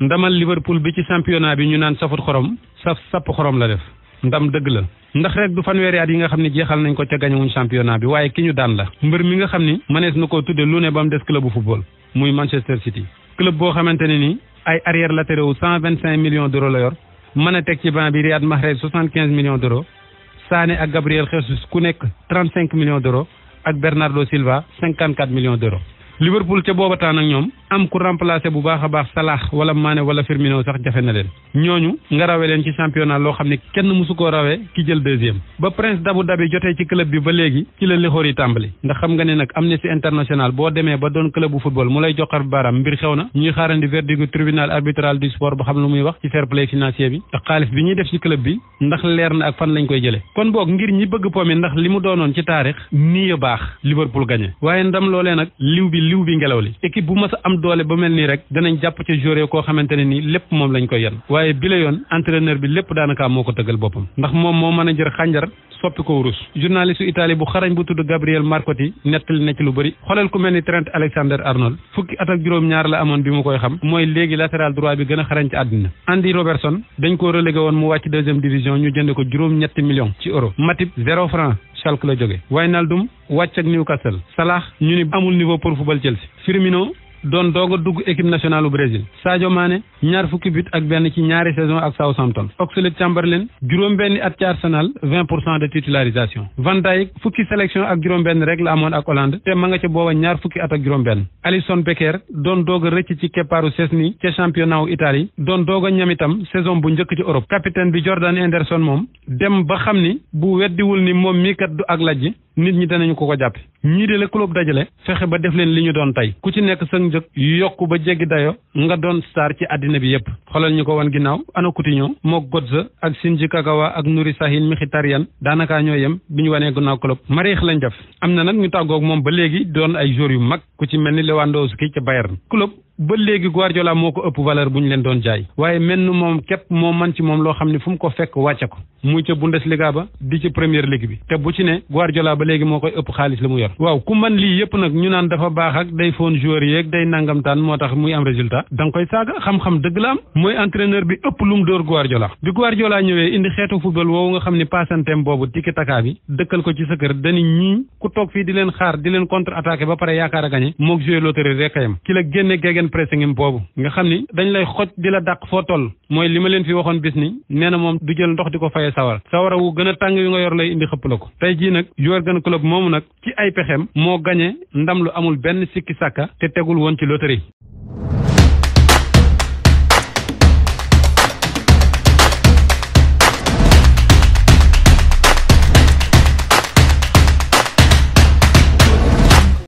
ndamal Liverpool bi ci championnat bi ñu naan safut xorom saf sapp xorom la def ndam dëgg la ndax rek du fanweeri at yi nga xam ne jeexal nañ ko ca gañewuñ championnat bi waaye ki ñu daan la mbër mi nga xam ni mënees na koo tudde lu ne ba mu des club bu football muy Manchester City club boo xamante ne ni ay arrière latéraux cent vingt cinq la yor mën a teg ci banc bi Riyad Mahrez soixante quinze millions d'euros Sané ak Gabriel Jesus ku nekk trente cinq millions d'euros ak Bernardo Silva cinquante quatre millions d'euros Liverpool ca booba taan ak ñoom am ku remplacer bu baax a baax Salah wala Mané wala Firmino sax jafe na leen ñooñu nga rawe leen ci championnat loo xam ne kenn musu koo rawe ki jël deuxième ba Prince d'Abu Dhabi jotee ci club bi ba léegi ci la lixoor tàmbali ndax xam nga ne nag Amnesty International boo demee ba doon club bu football mu lay joxar baaraam mbir xew na ñuy xaarandi verdict tribunal arbitral du sport ba xam lu muy wax ci fair play financier bi te xaalis bi ñuy def kon boog ngir ñi bëgg pomi ndax li mu doonoon ci bi liw bi ngelaw a am doole ba mel nii rek danañ jàpp ca joueur koo xamante ne lépp moom lañ koy yan waaye bi la bi lépp daanaka moo ko tëggal boppam ndax moom moo mën a jër xànjar soppi ko wurus journaliste Italie bu xarañ bu tudd Gabriel Marcotti nettali na ci lu bëri xoolal ku mel ni Trent Alexander Arnold fukki at juróom-ñaar la amoon bi mu koy xam mooy léegi latéral droit bi gën a xarañ ci àddina Andy Robertson dañ ko relégué woon mu wàcc deuxième division ni amul doon doog dugg équipe nationale u Brésil Sadio Mané ñaar fukki but ak benn ci ñaari saison ak Southampton Oxlade Chamberlain juróom benn at ci Arsenal vingt pour cent de titularisation Van Dijk fukki sélection ak juróom-benn rek la amoon ak Hollande te ma nga ca booba ñaar fukki at ak juróom-benn Alisson Becker doon doog a rëcc ci keppaaru Szczesny ca championnat u Italie doon doog ñam itam saison bu njëkk ci Europe capitaine bi Jordan Henderson moom dem ba xam ni bu weddiwul ni moom mii kat du ak lajj nit ñi danañu ko ko jàpp ñii de la dajale fexe ba def leen li ñu doon tey ku ci nekk sa njëg yokk ba jéggi dayo nga doon star ci àddina bi yépp xoolal ñu ko wan ginnaaw ana Coutinho moo Götze ak Shinji Kagawa ak Nuri Sahin Mkhitaryan daanaka ñoo yem bi ñu wanee gannaaw club mariix lañ def am na nag ñu tàggook moom ba léegi doon ay joueurs yu mag ku ci mel ni Lewandowski ca Bayern club ba léegi Guardiola moo ko ëpp valeur bu ñu leen doon jaay waaye mel ni moom képp moo man ci moom loo xam ne fu mu ko fekk wàcce ko muy ca Bundesliga ba di ci première ligue bi te bu ci ne Guardiola ba léegi moo koy ëpp xaalis la mu yor waaw ku man lii yëpp nag ñu naan dafa baax ak day foon joueur yeeg day nangamtaan moo tax muy am résultat da nga koy saaga xam-xam dëgg la am mooy entraîneur bi ëpp lu mu dóor Guardiola bi Guardiola ñëwee indi xeetu football woowu nga xam ne passanteem di leen xaar di leen contre attaqué ba seen pressing boobu nga xam ni dañ lay xoj di la dàq foo toll mooy li ma leen fi waxoon bis ni nee na moom du jël ndox di ko faye sawara sawara wu gën a tàng yu nga yor lay indi xëpp la ko tey jii nag Jürgen Klopp moomu nag ci ay pexem moo gañe ndam lu amul benn sikki sàkka te tegul woon ci loterie